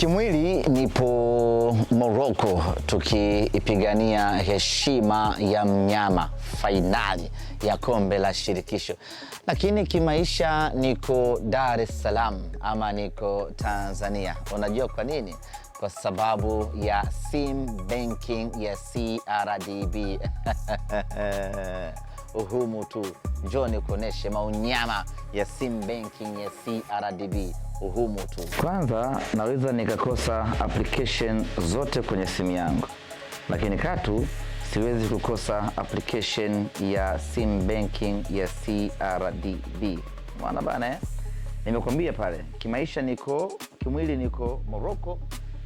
Kimwili nipo Morocco tukiipigania heshima ya mnyama fainali ya kombe la shirikisho, lakini kimaisha niko Dar es Salaam ama niko Tanzania. Unajua kwa nini? Kwa sababu ya sim banking ya CRDB uhumu tu, njoo nikuoneshe maunyama ya sim banking ya CRDB uhumu tu. Kwanza naweza nikakosa application zote kwenye simu yangu, lakini katu siwezi kukosa application ya sim banking ya CRDB. Mwana bana, eh? nimekwambia pale, kimaisha niko kimwili, niko Morocco,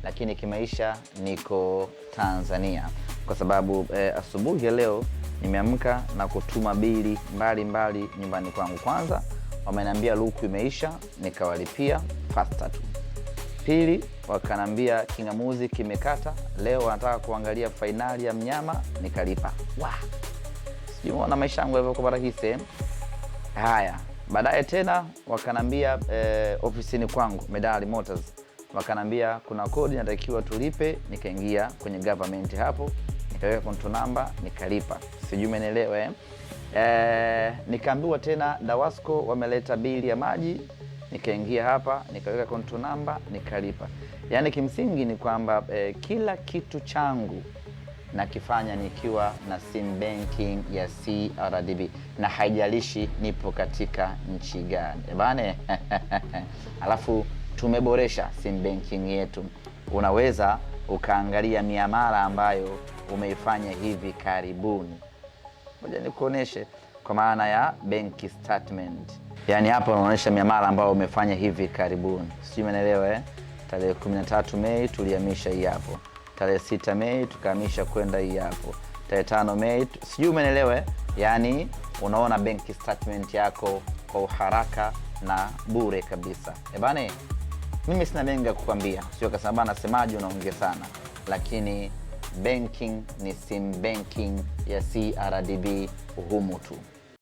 lakini kimaisha niko Tanzania kwa sababu eh, asubuhi ya leo nimeamka na kutuma bili mbalimbali nyumbani kwangu. Kwanza wamenambia luku imeisha, nikawalipia fasta tu. Pili wakanaambia king'amuzi kimekata, leo wanataka kuangalia fainali ya mnyama, nikalipa. Wow. Sijuona maisha yangu yavyokopata hii sehemu. Haya, baadaye tena wakanambia eh, ofisini kwangu Medali Motors wakanambia kuna kodi natakiwa tulipe, nikaingia kwenye government hapo nikaweka konto namba nikalipa, sijui umenielewa eh? E, nikaambiwa tena Dawasco wameleta bili ya maji, nikaingia hapa nikaweka konto namba nikalipa. Yaani kimsingi ni kwamba e, kila kitu changu nakifanya nikiwa na sim banking ya CRDB na haijalishi nipo katika nchi gani bane. Alafu tumeboresha sim banking yetu, unaweza ukaangalia miamala ambayo umeifanya hivi karibuni. Ngoja nikuoneshe kwa maana ya bank statement, yaani hapa unaonyesha miamala ambayo umefanya hivi karibuni, sijui umeelewa eh? Tarehe 13 Mei tulihamisha hii hapo, tarehe 6 Mei tukahamisha kwenda hii hapo, tarehe 5 Mei, sijui umeelewa eh? Yaani unaona bank statement yako kwa uharaka na bure kabisa. E eh, bane, mimi sina mengi ya kukwambia, sio kwa sababu semaji unaongea sana lakini banking ni sim banking ya CRDB humu tu.